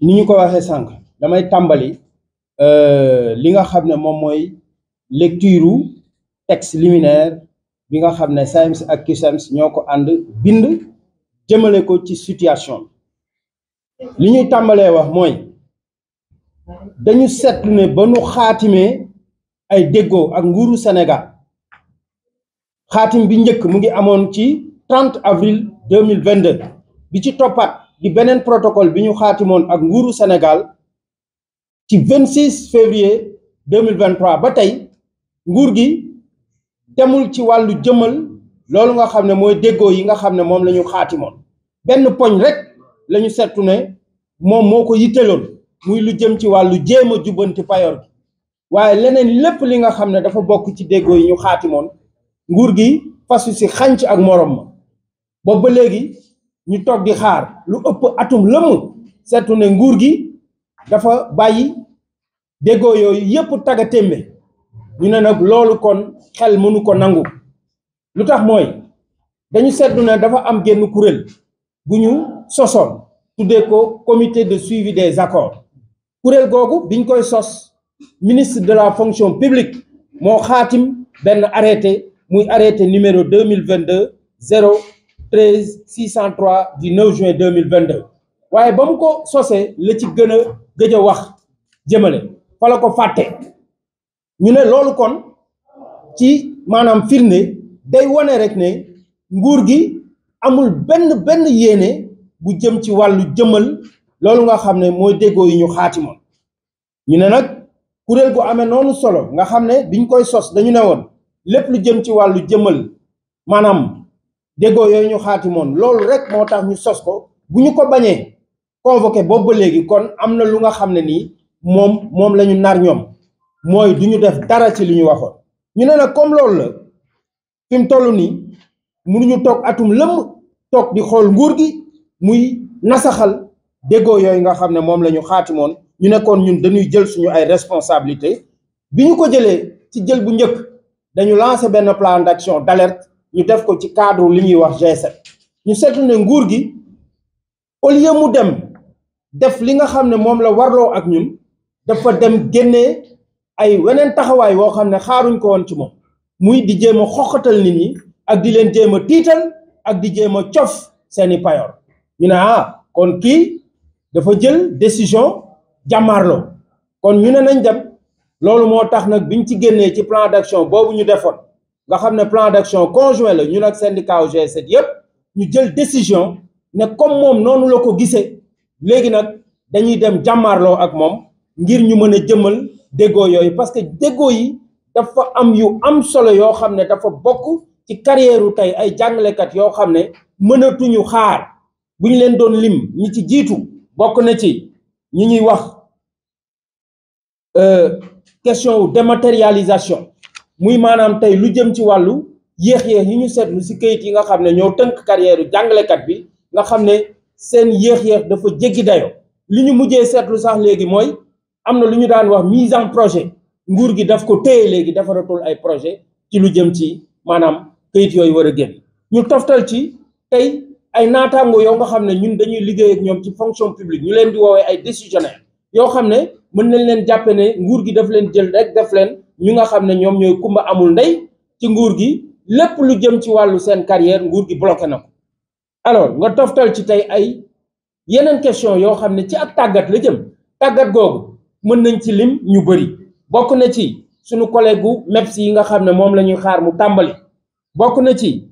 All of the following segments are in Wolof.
ni ñu ko waxee sànq damay tàmbali euh, li nga xam ne moom mooy lecture texte liminaire bi nga xam ne SAEMS ak CUSEMS ñoo ko ànd bind jëmale ko ci situation li ñuy tàmbalee wax mooy dañu seetlu ne ba nu xaatimee ay déggoo ak nguuru senegal xaatim bi njëkk mu ngi amoon ci 30 avril 2022 bi ci toppaat di beneen protocole bi ñu xaatimoon ak nguuru senegal ci 26 février 2023 ba tey nguur gi demul ci wàllu jëmal loolu nga xam ne mooy déggoo yi nga xam ne moom la ñu xaatimoon benn poñ rek lañu ñu ne moom moo ko yitteloon muy lu jëm ci wàllu jéem a jubbanti payoor gi waaye leneen lépp li nga xam ne dafa bokk ci déggoo yi ñu xaatimoon nguur gi fasu si xànc ak moroom ma boobu ba léegi ñu toog xaar lu ëpp atum lëmm seetu ne nguur gi dafa bàyyi déggoo yooyu yépp tagga témbe ñu ne nag loolu kon xel mënu ko nangu lu tax mooy dañu seetlu ne dafa am genn kuréel gu ñu sosoon tuddee ko comité de suivi des accords kuréel googu biñ koy sos ministre de la fonction publique moo xaatim benn arrêté muy arrêté numéro 2022 0 treize six cent trois du 9 juin 2022 waaye ba mu ko sosee la ci gën a gëj a wax jëmale fa ko fàtte ñu ne loolu kon ci maanaam firnde day wone rek ne nguur gi amul benn benn yéene bu jëm ci wàllu jëmal loolu nga xam ne mooy déggoo yi ñu xaatima ñu ne nag kuréel gu amee noonu solo nga xam ne biñ koy sos dañu ne woon lépp lu jëm ci wàllu jëmal maanaam déggoo yooyu ñu xaatimoon loolu rek moo tax ñu sos ko bu ñu ko bañee convoqué boobu ba léegi kon am na lu nga xam ne nii moom moom la ñu nar ñoom mooy du ñu def dara ci li ñu waxoon ñu ne nag comme loolu la fi mu toll nii mënuñu toog atum lëmm toog di xool nguur gi muy nasaxal déggoo yooyu nga xam ne moom la ñu xaatimoon ñu nekkoon ñun dañuy jël suñu ay responsabilité bi ñu ko jëlee ci jël bu njëkk dañu lancé benn plan d'action d'alerte ñu def ko ci cadre li ñuy wax G7 ñu seetlu ne nguur gi au lieu mu dem def li nga xam ne moom la warloo ak ñun dafa dem génnee ay weneen taxawaay woo xam ne xaaruñ ko woon ci moom muy di jéem a xoqatal nit ñi ak di leen jéem a tiital ak di jéem a cof seeni payoor ñu ne ah kon kii dafa jël décision jàmmaarloo kon ñu ne nañ dem loolu moo tax nag biñ ci génnee ci plan d'action boobu ñu defoon nga xam ne plan d'action conjoint la ñun ak syndicat u G7 yëpp ñu jël décision ne comme moom noonu la ko gisee léegi nag dañuy dem jàmmaarloo ak moom ngir ñu mën a jëmal déggoo yooyu parce que déggoo yi dafa am yu am solo yoo xam ne dafa bokk ci carrière u tey ay jàngalekat yoo xam ne mënatuñu xaar bu ñu leen doon lim ñi ci jiitu bokk na ci ñi ñuy wax euh, question dématérialisation muy maanaam tey lu jëm ci wàllu yéex-yéex yi ñu seetlu si kayit yi nga xam ne ñoo tënk carrière jàngalekat bi nga xam ne seen yéex-yéex dafa jéggi dayo li ñu mujjee seetlu sax léegi mooy am na lu ñu daan wax mise en projet nguur gi daf ko téye léegi defaratul ay projet ci lu jëm ci maanaam kayit yooyu war a génn ñu toftal ci tey ay naataango yow nga xam ne ñun dañuy liggéey ak ñoom ci fonction publique ñu leen di woowee ay décisionnaire yoo xam ne mën nañ leen jàppe ne nguur gi daf leen jël rek def leen ñu nga xam ne ñoom ñooy kumba amul ndey ci nguur gi lépp lu jëm ci wàllu seen carrière nguur gi bloqué na ko alors nga toftal ci tey ay yeneen question yoo xam ne ci ak tàggat la jëm tàggat googu mën nañ ci lim ñu bëri bokk na ci suñu collègue gu MEPS yi nga xam ne moom la ñuy xaar mu tàmbali bokk na ci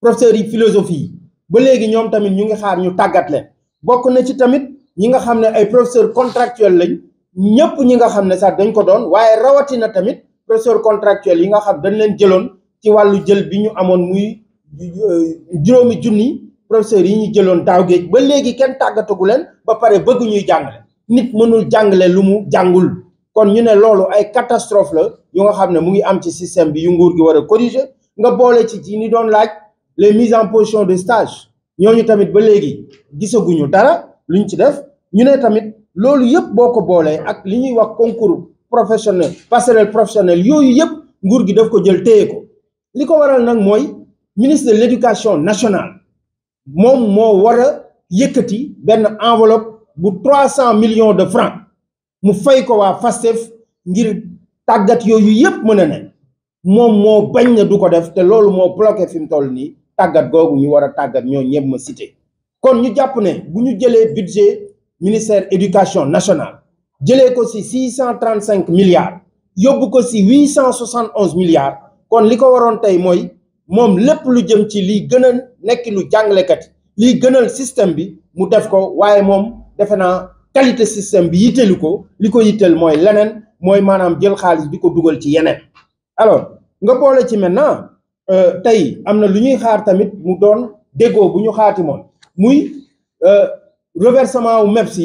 professeurs yi philosophie yi ba léegi ñoom tamit ñu ngi xaar ñu tàggat leen bokk na ci tamit ñi nga xam ne ay professeurs contractuels lañ ñëpp ñi nga xam ne sax dañ ko doon waaye rawatina tamit professeur contractuel yi nga xam dañ leen jëloon ci wàllu jël bi ñu amoon muy euh, juróomi junni professeurs yi ñu jëloon daaw géej ba léegi kenn tàggatagu leen ba pare bëgg ñuy jàngale nit mënul jàngale lu mu jàngul kon ñu ne loolu ay catastrophe la yu nga xam ne mu ngi am ci système bi yu nguur gi war a corriger nga boole ci ci ñi doon laaj les mises en position de stage ñooñu tamit ba léegi gisaguñu dara luñ ci def ñu ne tamit loolu yëpp boo ko boolee ak li ñuy wax concours professionnel passerelle professionnel yooyu yëpp nguur gi daf ko jël téye ko li ko waral nag mooy ministre de l'éducation nationale moom moo war a yëkkati benn enveloppe bu trois cent millions de francs mu fay ko waa FASTEF ngir tàggat yooyu yëpp mën a ne moom moo bañ na du ko def te loolu moo bloqué fi mu toll nii tàggat googu ñu war a tàggat ñoo ñëpp ma cité kon ñu jàpp ne bu ñu jëlee budget ministère éducation nationale jëlee ko ci six cent trente cinq milliards yóbbu ko ci huit cent soixante onze milliards kon li ko waroon tey mooy moom lépp lu jëm ci liy gën a nekk lu jàngalekat liy gënal système bi mu def ko waaye moom defe naa qualité système bi yitteelu ko li ko yiteel mooy leneen mooy maanaam jël xaalis bi ko dugal ci yeneen alors nga boole ci maintenant euh, tey am na lu ñuy xaar tamit mu doon déggoo bu ñu xaati moon muy euh, reversement wu MEPS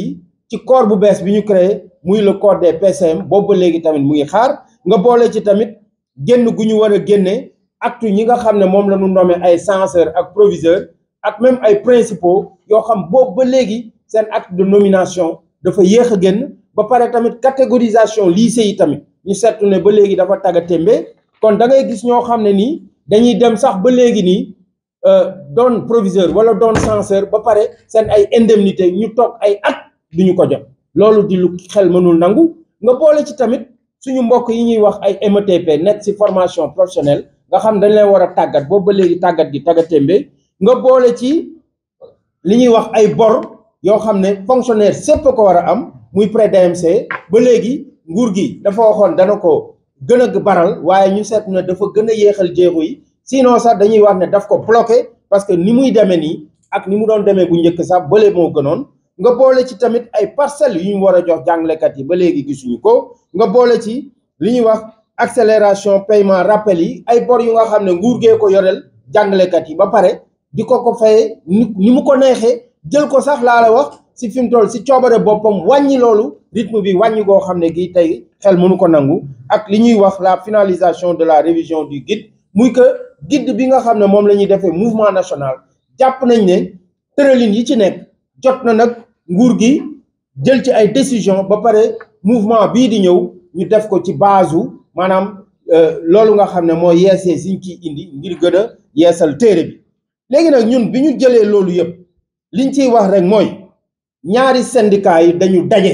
ci corps bu bees bi ñu créer muy le corps des PCM boobu ba léegi tamit mu ngi xaar nga boole ci tamit génn gu ñu war a génne actu ñi nga xam ne moom la ñu ay censeur ak proviseur ak même ay principaux yoo xam boobu ba léegi seen acte de nomination dafa yéex a génn ba pare tamit catégorisation lycée yi tamit ñu seetlu ne ba léegi dafa tagga témbe kon da ngay gis ñoo xam ne nii dañuy dem sax ba léegi nii Euh, doon proviseur wala doon censeur ba pare seen ay indemnité ñu toog ay at duñu ko jot loolu di lu xel mënul nangu nga boole ci tamit suñu mbokk yi ñuy wax ay METP nekk ci formation professionnelle nga xam dañ leen war a tàggat boobu ba léegi tàggat gi tàggatémbe nga boole ci li ñuy wax ay bor yoo xam ne fonctionnaire sépp ko war a am muy prêt DMC ba léegi nguur gi dafa waxoon dana ko gën a baral waaye ñu seet ne dafa gën a yéexal jéego yi sinon sax dañuy wax ne daf ko bloqué parce que ni muy demee nii ak ni mu doon demee bu njëkk sax bële moo gënoon nga boole ci tamit ay parcelles yu ñu war a jox jàngalekat yi ba léegi gisuñu ko nga boole ci li ñuy wax accélération paiement rappel yi ay bor yu nga xam ne nguur gee ko yoreel jàngalekat yi ba pare di ko ko fayee ni mu ko neexee jël ko sax laala wax si fi mu toll si coobare boppam wàññi loolu rythme bi wàññi koo xam ne gii tey xel mënu ko nangu ak li ñuy wax la finalisation de la révision du guide muy que guide bi nga xam ne moom la ñuy defee mouvement national jàpp nañ ne tëralin yi ci nekk jot na nag nguur gi jël ci ay décision ba pare mouvement bii di ñëw ñu def ko ci base maanaam euh, loolu nga xam ne mooy yeesee siñ ciy indi ngir gën a yeesal téere bi léegi nag ñun bi ñu jëlee loolu yëpp liñ ciy wax rek mooy ñaari syndicat yi dañu daje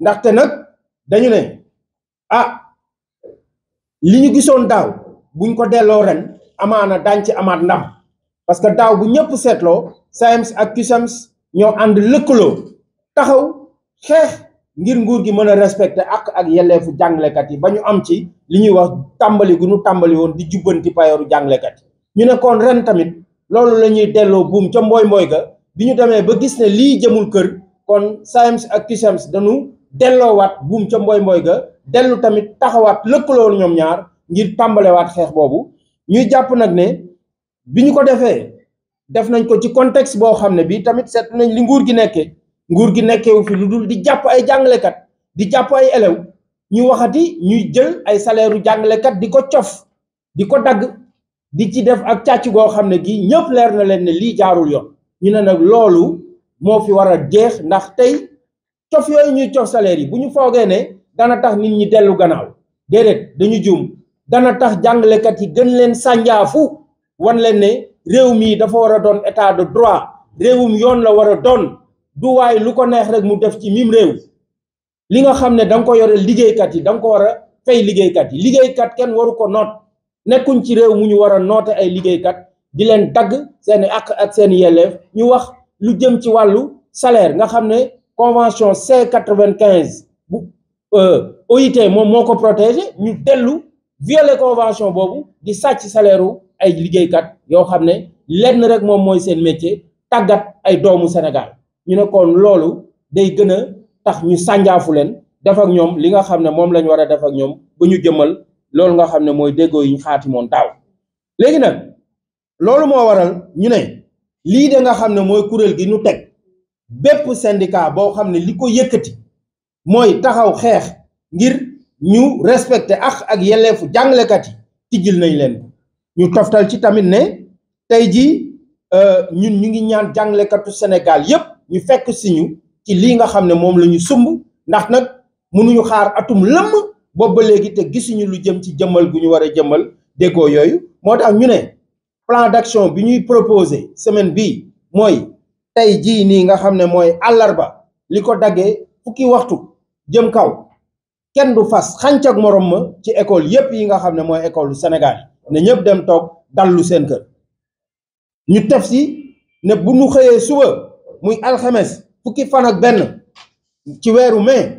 ndaxte nag dañu ne ah li ñu gisoon daaw buñ ko delloo ren amaana daañ ci amaat ndam parce que daaw bu ñëpp seetloo SAEMS ak CUSEMS ñoo ànd lëkkaloo taxaw xeex ngir nguur gi mën a respecté ak ak yelleefu jàngalekat yi ba ñu am ci li ñuy wax tàmbali gu ñu tàmbali woon di jubbanti payooru jàngalekat yi ñu ne ren tamit loolu la ñuy delloo buum ca mbooy mbooy ga bi ñu demee ba gis ne lii jëmul kër kon SAEMS ak CUSEMS dañu delloowaat buum ca mbooy mbooy ga dellu tamit taxawaat lëkkaloo ñoom ñaar ngir tàmbalewaat xeex boobu ñuy jàpp nag ne bi ñu ko defee def nañ ko ci contexte boo xam ne bii tamit seet nañ li nguur gi nekkee nguur gi nekkeewu fi lu dul di jàpp ay jàngalekat di jàpp ay élèves ñu waxati ñuy jël ay saleeru jàngalekat di ko cof di ko dagg di ci def ak càcc goo xam ne gii ñëpp leer na leen ne lii jaarul yoon ñu ne nag loolu moo fi war a jeex ndax tey cof yooyu ñuy cof salaire yi bu ñu foogee ne dana tax nit ñi dellu gannaaw déedéet dañu juum dana tax jàngalekat yi gën leen sànjaafu wan leen ne réew mii dafa war a doon état de droit réewum yoon la war a doon du waaye lu ko neex rek mu def ci mim réew li nga xam ne da nga ko yore liggéeykat yi da nga ko war a fay liggéeykat yi liggéeykat kenn waru ko noot nekkuñ ci réew mu ñu war a noote ay liggéeykat di leen dagg seeni àq ak seeni yelleef ñu wax lu jëm ci wàllu salaire nga xam ne convention C quatre-vingt-quinze bu euh, OIT moom moo ko protégé ñu dellu violer convention boobu di sàcc saleeru ay liggéeykat yoo xam ne lenn rek moom mooy seen métier tàggat ay doomu Sénégal ñu ne kon loolu day gën a tax ñu sànjaafu leen def ak ñoom li nga xam ne moom lañ war a def ak ñoom ba ñu jëmal loolu nga xam ne mooy déggoo yi ñu xaati moon daaw léegi nag loolu moo waral ñu ne lii de nga xam ne mooy kuréel gi nu teg bépp syndicat boo xam ne li ko yëkkati mooy taxaw xeex ngir ñu respecté ak ak yelleefu jàngalekat yi tijjil nañ leen ñu toftal ci tamit ne tey jii euh, ñun ñu ngi ñaan jàngalekatu Sénégal yépp ñu fekk si ci lii nga xam ne moom la ñu sumb ndax nag mënuñu xaar atum lëmm boobu ba léegi te gisuñu lu jëm ci jëmmal gu ñu war a jëmmal déggoo yooyu moo tax ñu ne plan d'action bi ñuy proposé semaine bii mooy tey jii nii nga xam ne mooy àllarba li ko daggee fukki waxtu jëm kaw kenn du fas xànc ak morom ma ci école yépp yi nga xam ne mooy école Sénégal ne ñëpp dem toog dallu seen kër ñu tef si ne bu ñu xëyee suba muy alxames fukki fan ak benn ci weeru mai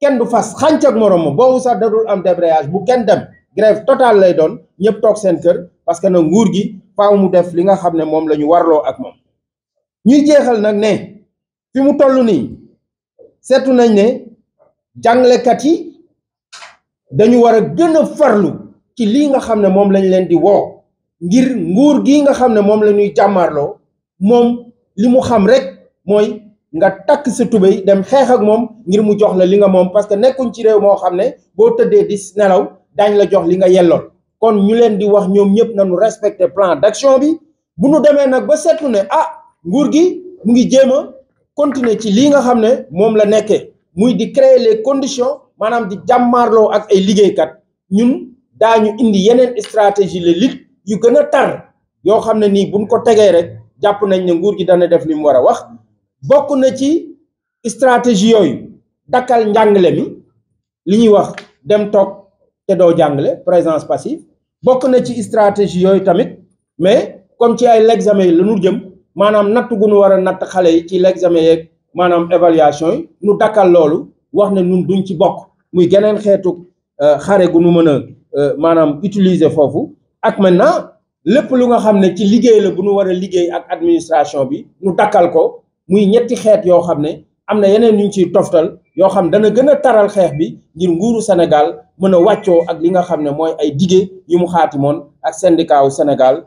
kenn du fas xànc ak morom ma boobu sax dadul am débrayage bu kenn dem grève totale lay doon ñëpp toog seen kër parce que nag nguur gi faaw mu def li nga xam ne moom la ñu warloo ak moom ñuy jeexal nag ne fi mu toll nii seetu nañ ne jàngalekat yi dañu war a gën farlu ci lii nga xam ne moom lañ leen di woo ngir nguur gi nga xam ne moom la ñuy jàmmaarloo moom li mu xam rek mooy nga takk sa tubéy dem xeex ak moom ngir mu jox la li nga moom parce que nekkuñ ci réew moo xam ne boo tëddee di nelaw daañ la jox li nga yelloon kon ñu leen di wax ñoom ñëpp nañu respecter plan d'action bi bu nu demee nag ba seetlu ne ah nguur gi mu ngi jéem a continuer ci lii nga xam ne moom la nekkee muy di créer les conditions maanaam di jàmmaarloo ak ay liggéeykat ñun daañu indi yeneen stratégie de lutte yu gën a tar yoo xam ne nii buñ ko tegee rek jàpp nañ ne nguur gi dana def li mu war a wax bokk na ci stratégie yooyu dakkal njàngale mi li ñuy wax dem toog te doo jàngale présence passive bokk na ci stratégie yooyu tamit mais comme ci ay l'examen yi la ñu jëm maanaam natt gu ñu war a natt xale yi ci l'examen yeeg maanaam évaluation yi nu dakkal loolu wax na nun duñ ci bokk muy geneen xeetu euh, xare gu nu mën a euh, maanaam utiliser foofu ak maintenant lépp lu nga xam ne ci liggéey la bu nu war a liggéey ak administration bi nu dakkal ko muy ñetti xeet yoo xam ne am na yeneen ñu ciy toftal yoo xam ne dana gën a taral xeex bi ngir nguuru Sénégal mën a wàccoo ak li nga xam ne mooy ay dige yu mu xaatimoon ak syndicat wu Sénégal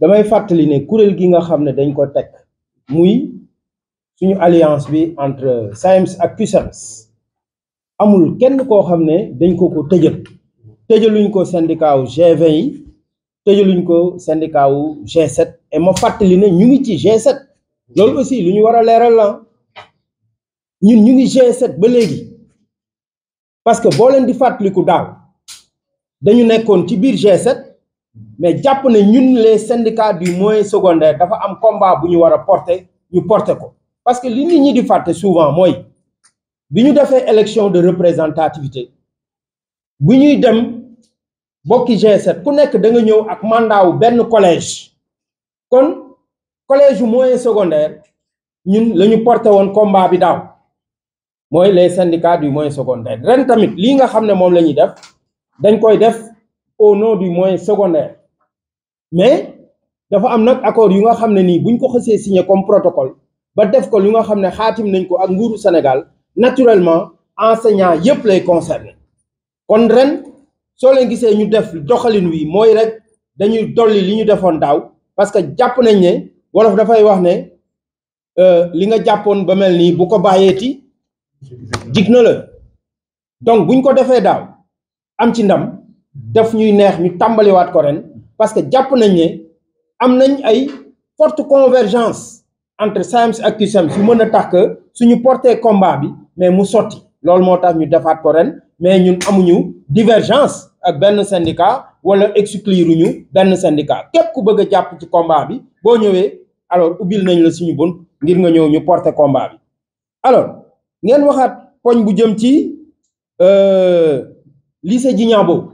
damay fàttali ne kuréel gi nga xam ne dañ ko teg muy suñu alliance bi entre SAEMS ak CUSEMS amul kenn koo xam ne dañ ko ko tëjal tëjaluñ ko syndicat gv g yi tëjaluñ ko syndicat wu G7 et ma fàttali ne ñu ngi ci G7 loolu aussi lu ñu war a leeral la ñun ñu ngi G7 ba léegi parce que boo leen di fàttaliku daal dañu nekkoon ci biir G7 mais jàpp ne ñun les syndicats du moyen secondaire dafa am combat bu ñu war a porter ñu porter ko parce que li nit ñi di fàtte souvent mooy bi ñu defee élection de représentativité bu ñuy dem bokki G7 ku nekk danga ñëw ak mandat wu benn collège kon collège yu moyen secondaire ñun la ñu porté woon combat bi daaw mooy les syndicats du moyen secondaire ren tamit lii nga xam ne moom la ñuy def dañ koy def au nom du moyen secondaire mais dafa am nag accord yu nga xam ne nii buñ ko xësee signé comme protocole ba def ko lu nga xam ne xaatim nañ ko ak nguuru Sénégal naturellement enseignant yépp lay concerné kon ren soo leen gisee ñu def doxalin wi mooy rek dañuy dolli li ñu defoon daaw parce que jàpp nañ ne wolof dafay wax ne euh, li nga jàppoon ba mel nii bu ko bàyyeeti jig na la donc buñ ko defee daaw am ci ndam def ñuy neex ñu tàmbaliwaat ko ren parce que jàpp nañ ne am nañ ay forte convergence entre SAEMS ak CUSEMS su mën a tax suñu porté combat bi mais mu sotti loolu moo tax ñu defaat ko ren mais ñun amuñu divergence ak benn syndicat wala excluruñu benn syndicat képp ku bëgg a jàpp ci combat bi boo ñëwee alors ubbil nañ la suñu bunt ngir nga ñëw ñu porté kombaa bi alors ngeen waxaat poñ bu jëm ci euh, lycée Djignabo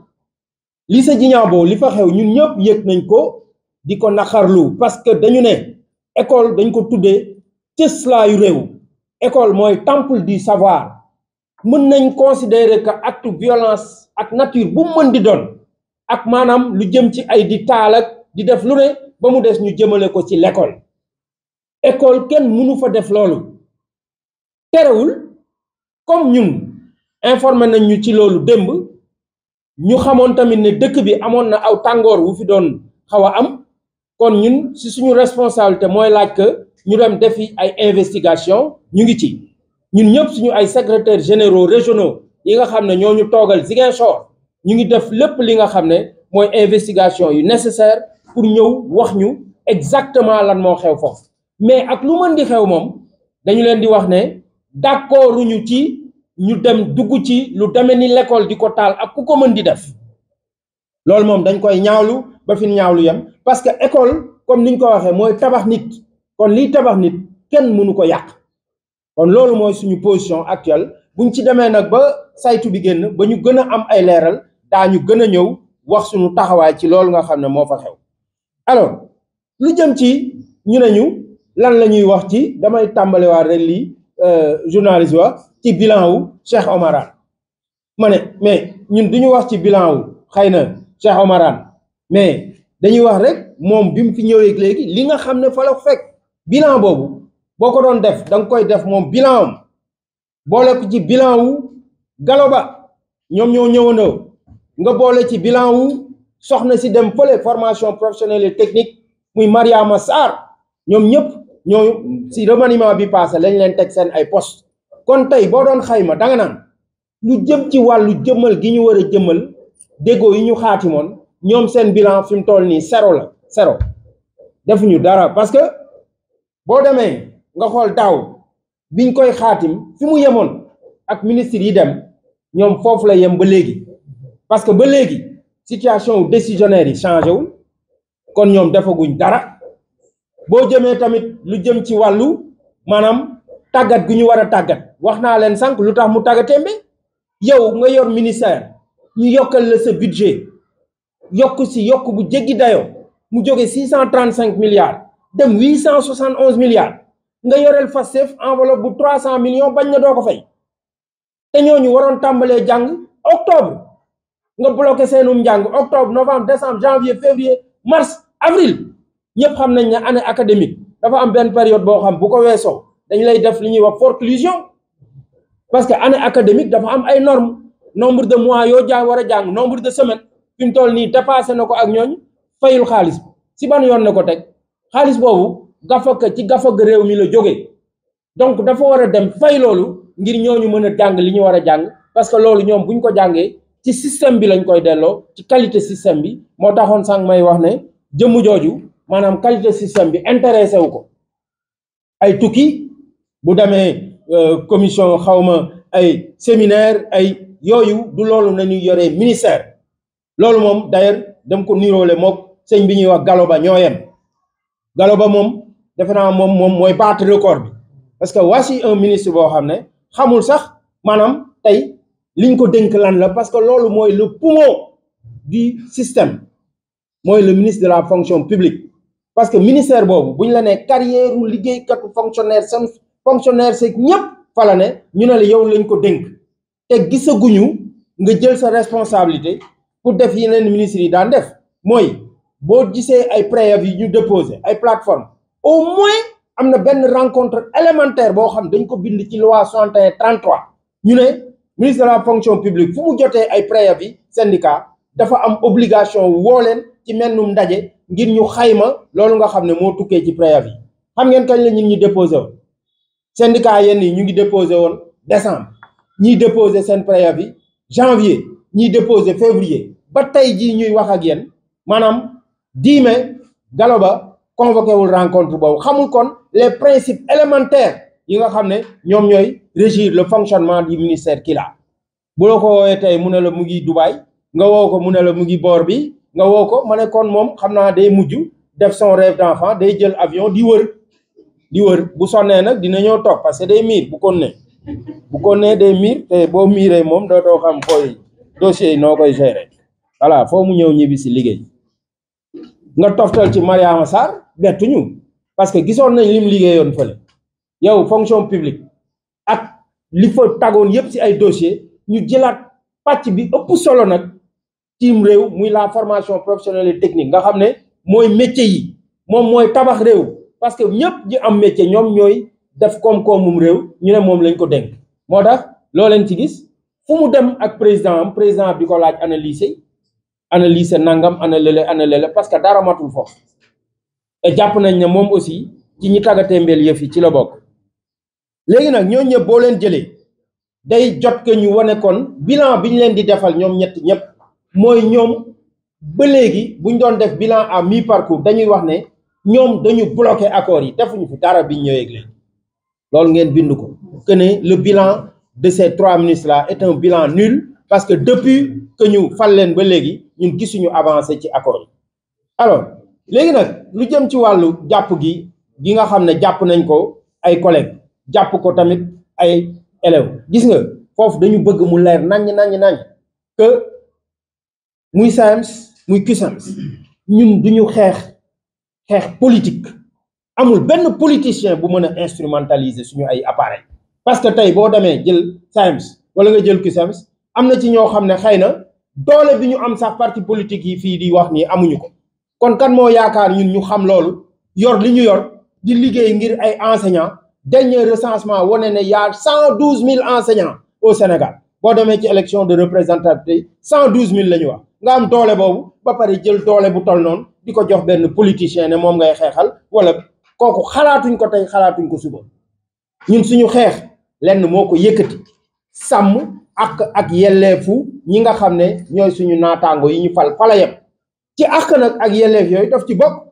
lycée Djignabo li fa xew ñun ñëpp yëg nañ ko di ko naqarlu parce que dañu ne école dañ ko tuddee cëslaayu réew école mooy temple du savoir mën nañ considérer que acte violence ak nature bu mën di doon ak maanaam lu jëm ci ay di taal ak di def lu ne ba mu des ñu jëmale ko ci l'école école kenn mënu fa def loolu terewul comme ñun informé nañ ñu ci loolu démb ñu xamoon tamit ne dëkk bi amoon na aw tàngoor wu fi doon xaw a am kon ñun si suñu responsabilité mooy laaj que ñu dem defi ay investigation ñu ngi ci ñun ñëpp suñu ay secrétaires généraux régionaux yi nga xam ne ñoo ñu toogal Ziguinchor ñu ngi def lépp li nga xam ne mooy investigation yu nécessaire pour ñëw wax ñu exactement lan moo xew foofu mais ak lu mën di xew moom dañu leen di wax ne ñu ci ñu dem dugg ci lu demee ni l'école di ko taal ak ku ko mën di def loolu moom dañ koy ñaawlu ba fi ñaaw yem parce que école comme niñ ko waxee mooy tabax nit kon liy tabax nit kenn mënu ko yàq kon loolu mooy suñu position actuelle buñ ci demee nag ba saytu bi génn ba ñu gën a am ay leeral daa ñu gën a ñëw wax suñu taxawaay ci loolu nga xam ne moo fa xew alors lu jëm ci ñu ne ñu lan la ñuy wax ci damay tàmbaliwaar rek lii euh, journaliste wa ci bilan wu Cheikh Oumar Anne ma ne mais ñun duñu wax ci bilan wu xëy na Cheikh Oumar mais dañuy wax rek moom bi mu fi ñëwee léegi li nga xam ne fa la fekk bilan boobu boo ko doon def da nga koy def moom bilan boole ko ci bilan wu Galoba ñoom ñoo ñëwandoo nga boole ci bilan wu soxna si dem pole formation professionnelle technique muy Mariama Sarr ñoom ñëpp ñoo si remaniement bi passé lañ leen teg seen ay poste kon tey boo doon xayma danga naan lu jëm ci wàllu jëmmal gi ñu war a jëmmal déggoo yi ñu xaatimoon ñoom seen bilan fi mu toll nii zéro la sero defuñu dara parce que boo demee nga xool daaw biñ koy xaatim fi mu yemoon ak ministre yi dem ñoom foofu la yem ba léegi parce que ba léegi situation décisionnaire yi changé wul kon ñoom defaguñ dara boo jëmee tamit lu jëm ci wàllu maanaam tàggat gu ñu war a tàggat wax naa leen sànq lu tax mu tàggatémbe yow nga yor ministère ñu yokkal la sa budget yokk si yokk bu jéggi dayo mu jóge six cent trente cinq milliards dem huit cent soixante onze milliards nga yoreel Pastef enveloppe bu trois cent millions bañ na doo ko fay te ñoo ñu waroon tàmbalee jàng octobre nga bloqué seenum njàng octobre novembre décembre janvier février mars avril ñëpp xam nañ ne année académique dafa am benn période boo xam bu ko weesoo dañ lay def li ñuy wax forclusion parce que année académique dafa am ay norme nombre de mois yoo jàng war a jàng nombre de semaine fi mu toll nii dépassé na ko ak ñooñ fayul xaalis si ban yoon na ko teg xaalis boobu gafaka ci gafaka réew mi la jógee donc dafa war a dem fay loolu ngir ñooñu mën a jàng li ñu war a jàng parce que loolu ñoom bu ñu ko jàngee ci système bi lañ koy delloo ci qualité système bi moo taxoon sànq may wax ne jëmm jooju maanaam qualité système bi intéressé wu ko ay tukki bu demee euh, commission xawma ay séminaire ay yooyu du loolu na nañuy yoree ministère loolu moom d'ailleurs dem ko niroole mook sëñ bi ñuy wax galoba ñoo yem galoba moom defe moom moom mooy battre record bi parce que voici un ministre boo xam ne xamul sax maanaam tey liñ ko dénk lan la parce que loolu mooy le poumon du système mooy le ministre de la fonction publique parce que ministère boobu bu ñu la nee carrière liggéey katu fonctionnaire seen fonctionnaire seeg ñëpp fa la ne ñu ne la yow lañ ko dénk te gisaguñu nga jël sa responsabilité pour def yeneen ministres yi daan def mooy boo gisee ay préavis yi ñu déposé ay plateforme au moins am na benn rencontre élémentaire boo xam ne dañ ko bind ci loi 61 33 ñu ne ministre de la fonction publique fu mu jotee ay préavis syndicat dafa am obligation woo leen ci mennum ndaje ngir ñu xayma loolu nga xam ne moo tukkee ci préavis xam ngeen kañ la ñun ñu déposé woon syndicat yenn yi ñu ngi déposé woon décembre ñiy déposé seen préavis janvier ñiy déposé février ba tey jii ñuy wax ak yéen maanaam diime Galloba convoqué wul rencontre boobu xamul kon les principes élémentaires yi nga xam ne ñoom ñooy régir le fonctionnement du ministère kii la bu la ko woowee tey mu ne la mu ngi Dubaï nga woo ko mu ne la mu ngi boor bi nga woo ko ma ne kon moom xam naa day mujj def son rêve d'enfant day jël avion di wër di wër bu sonnee nag dina ñëw toog parce que day miir bu kon ne bu kon ne day miir te boo miiree moom dootoo xam koy dossier yi noo koy gérer voilà foo mu ñëw ñibbi si liggéey nga toftal ci Mariama Sarr bettuñu parce que gisoon nañ lim liggéeyoon fële yow fonction publique ak li fa tagoon yépp si ay dossier ñu jëlaat pàcc bi ëpp solo nag tiim réew muy la formation professionnelle technique nga xam ne mooy métier yi moom mooy tabax réew parce que ñëpp ji am métier ñoom ñooy def koom-koomum réew ñu ne moom lañ ko dénk moo tax loo leen ci gis fu mu dem ak président am président bi ko laaj analyse ana lii sa nangam ana lële ana parce que dara matul foofu te jàpp nañ ne moom aussi ci ñi tàggatee mbel yëf yi ci la bokk léegi nag ñoo ñëpp boo leen jëlee day jot que ñu wane kon bilan bi ñu leen di defal ñoom ñett ñëpp mooy ñoom ba léegi buñ doon def bilan à mi parcours dañuy wax ne ñoom dañu bloqué accords yi defuñu fi dara bi ñëwee léegi loolu ngeen bind ko que ne bilan de ces trois ministres là est un bilan parce que depuis que ñu fal leen ba léegi ñun gisuñu avancé ci accord yi alors léegi nag lu jëm ci wàllu jàpp gi gi nga xam ne jàpp nañ ko ay collègues jàpp ko tamit ay élèves gis nga foofu dañu bëgg mu leer naññ naññ naññ que muy SAEMS muy CUSEMS ñun duñu xeex xeex politique amul benn politicien bu mën a instrumentaliser suñu ay appareil parce que tey boo demee jël SAEMS wala nga jël CUSEMS am na ci ñoo xam ne xëy na doole bi ñu am sax parti politique yi fii di wax nii amuñu ko kon kan moo yaakaar ñun ñu xam loolu yor li ñu yor di liggéey ngir ay enseignants dernier recensement wane ne yaa cent douze mille enseignants au Sénégal boo demee ci élection de représentativité cent douze mille la ñu wax nga am doole boobu ba pare jël doole bu tol noonu di ko jox benn politicien ne moom ngay xeexal wala kooku xalaatuñ ko tey xalaatuñ ko suba ñun suñu xeex lenn moo ko yëkkati ak ak yelleefu ñi nga xam ne ñooy suñu naataango yi ñu fal fala yem ci ak nag ak yelleef yooyu daf ci bokk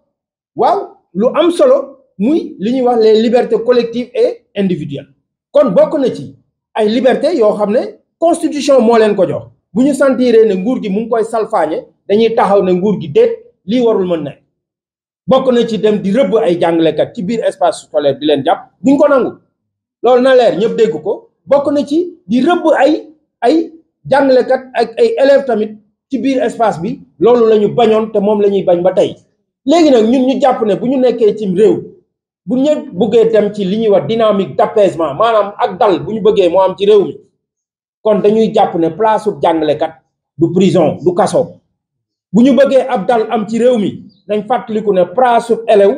waaw lu am solo muy li ñuy wax les libertés collectives et individuelles kon bokk na ci ay liberté yoo xam ne constitution moo leen ko jox bu ñu sentiree ne nguur gi mu koy salfaañe dañuy taxaw ne nguur gi déet lii warul mën na bokk na ci dem di rëbb ay jàngalekat ci biir espace scolaire di leen jàpp duñ ko nangu loolu na leer ñëpp dégg ko bokk na ci di rëbb ay ay jàngalekat ak ay élèves tamit ci biir espace bi loolu la ñu bañoon te moom la ñuy bañ ba tey léegi nag ñun ñu jàpp ne bu ñu nekkee ci réew bu ñëpp buggee dem ci li ñuy wax dynamique d'apaisement maanaam ak dal bu ñu bëggee moo am ci réew mi kon dañuy jàpp ne place u jàngalekat du prison du kaso bu ñu bëggee ab dal am ci réew mi dañ fàttaliku ne place u élève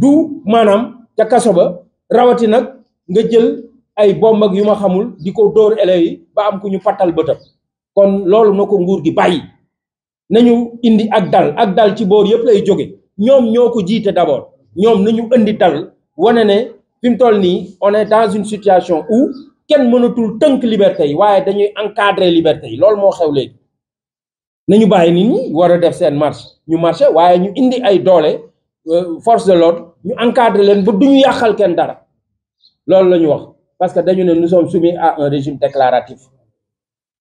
du maanaam ca kaso ba rawati nag nga jël ay bomb yu ma xamul di ko dóor élèves yi ba am ku ñu pattal bëtam kon loolu na ko nguur gi bàyyi nañu indi ak dal ak dal ci boor yëpp lay jóge ñoom ñoo ko jiite d'abord ñoom nañu indi dal wane ne fi mu toll nii on est dans une situation où kenn mënatul tënk liberté yi waaye dañuy encadrer liberté yi loolu moo xew léegi nañu bàyyi nit ñi war a def seen marche ñu marché waaye ñu indi ay doole euh, force de l'ordre ñu encadrer leen ba duñu yàqal kenn dara loolu la ñu wax parce que dañu ne nous sommes soumis à un régime déclaratif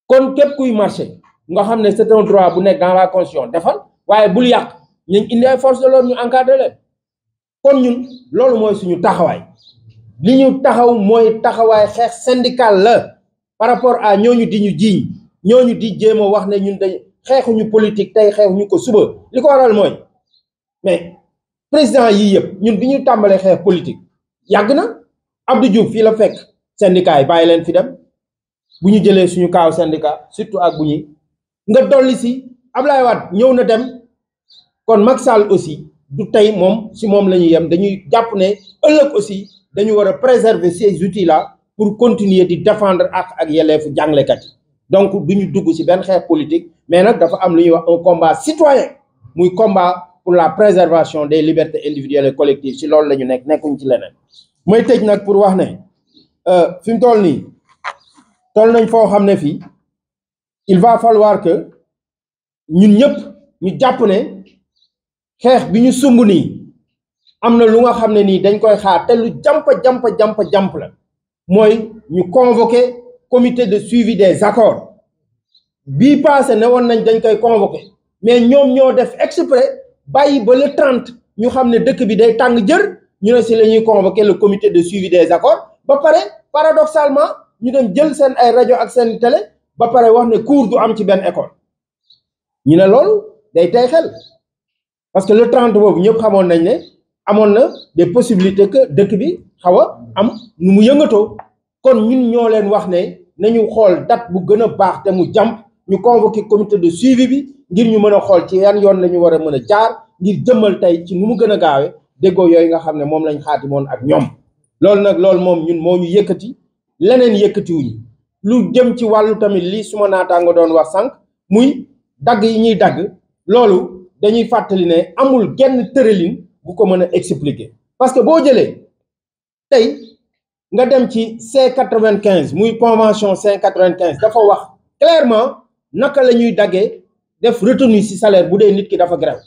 kon képp kuy marché nga xam ne c'est un droit bu nekk dans la constitution defal waaye bul yàq ñu indi ay force de l'ordre ñu encadré leen kon ñun loolu mooy suñu taxawaay li ñu taxaw mooy taxawaay xeex syndical la par rapport à ñooñu di ñu jiiñ ñooñu di jéem a wax ne ñun dañ xeexuñu politique tey ñu ko suba li ko waral mooy mais président yii yëpp ñun bi ñu tàmbalee xeex politique yàgg na abdu Diouf fii la fekk syndicat yi bàyyi leen fi dem bu ñu jëlee suñu kaaw syndicat surtout ak bu ñuy nga dolli si Ablaye Wade ñëw na dem kon Macky Sall aussi du tey moom si moom la ñuy yem dañuy jàpp ne ëllëg aussi dañu war a préserver ces outils pour continuer di défendre ak ak yelleefu jàngalekat yi donc du ñu dugg si benn xeex politique mais nag dafa am lu ñuy wax un combat citoyen muy combat pour la préservation des libertés individuelles et collectives si loolu la ñu nekk nekkuñ ci leneen mooy tëj nag pour wax ne euh, fi mu toll nii toll nañ foo xam ne fii il va falloir que ñun ñëpp ñu jàpp ne xeex bi ñu sumb nii am na lu nga xam ne nii dañ koy xaar te lu jàmp jàmp jàmp jàmp la mooy ñu convoqué commité de suivi des accords bii passé ne woon nañ dañ koy convoqué mais ñoom ñoo def exprès bàyyi ba le 30 ñu xam ne dëkk bi day tàng jër ñu ne si la ñuy convoquer le comité de suivi des accords ba pare paradoxalement ñu dem jël seen ay rajo ak seen télé ba pare wax ne cours du am ci benn école ñu ne loolu day tey xel parce que le 30 boobu ñëpp xamoon nañ ne amoon na des possibilités que dëkk bi xaw a am nu mu yëngatoo kon ñun ñoo leen wax ne nañu xool date bu gën a baax te mu jàmp ñu convoqué comité de suivi bi ngir ñu mën a xool ci yan yoon la ñu war mën a jaar ngir jëmmal tey ci nu mu gën a gaawe déggoo yooyu nga xam ne moom lañ xaati moon ak ñoom loolu nag loolu moom ñun moo ñu yëkkati leneen yëkkatiwuñu lu jëm ci wàllu tamit li suma naataango doon wax sànq muy dagg yi ñuy dagg loolu dañuy fàttali ne amul genn tëralin bu ko mën a expliquer parce que boo jëlee tey nga dem ci C95 muy convention C95 dafa wax clairement naka la ñuy daggee def retenue ci salaire bu dee nit ki dafa grève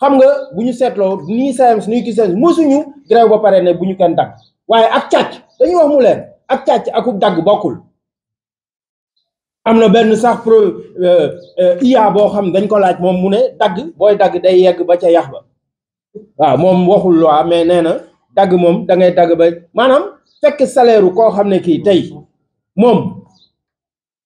xam nga bu ñu seetloo ni nii SAEMS nii CUSEMS mosuñu grève ba pare ne bu ñu kenn dagg waaye ak cac dañuy wax mu leen ak càcc akub dagg bokkul am na benn sax pro euh, euh, IA boo xam ne dañ ko laaj moom mu ne dagg booy dagg day yegg ba ca yax ba moom waxul loi mais nee na dagg moom da ngay dagg ba maanaam fekk salaire koo xam ne kii tey moom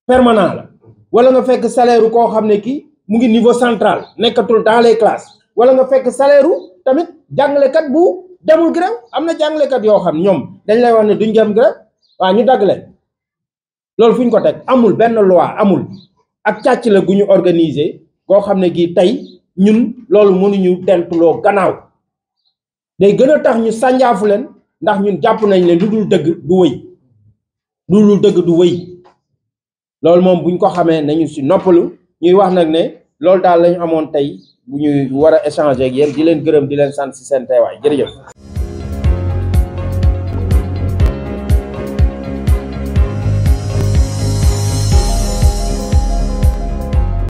permanent la wala nga fekk salaire koo xam ne kii mu ngi niveau central nekkatul dans les classes wala nga fekk saleeru tamit jàngalekat bu demul grève am na jàngalekat yoo xam ñoom dañ lay wax ne duñ dem grève waaw ñu dagg leen loolu fu ñu ko teg amul benn loi amul ak càcc la gu ñu organiser goo xam ne gii tey ñun loolu mënuñu dentuloo gannaaw day gën a tax ñu sànjaafu leen ndax ñun jàpp nañ leen lu dul dëgg du wëy lu dëgg du wëy loolu moom buñ ko xamee nañu si noppalu ñuy wax nag ne loolu daal la ñu amoon tey bu ñuy war a échanger ak di leen gërëm di leen sant si seen teewaay jërëjëf.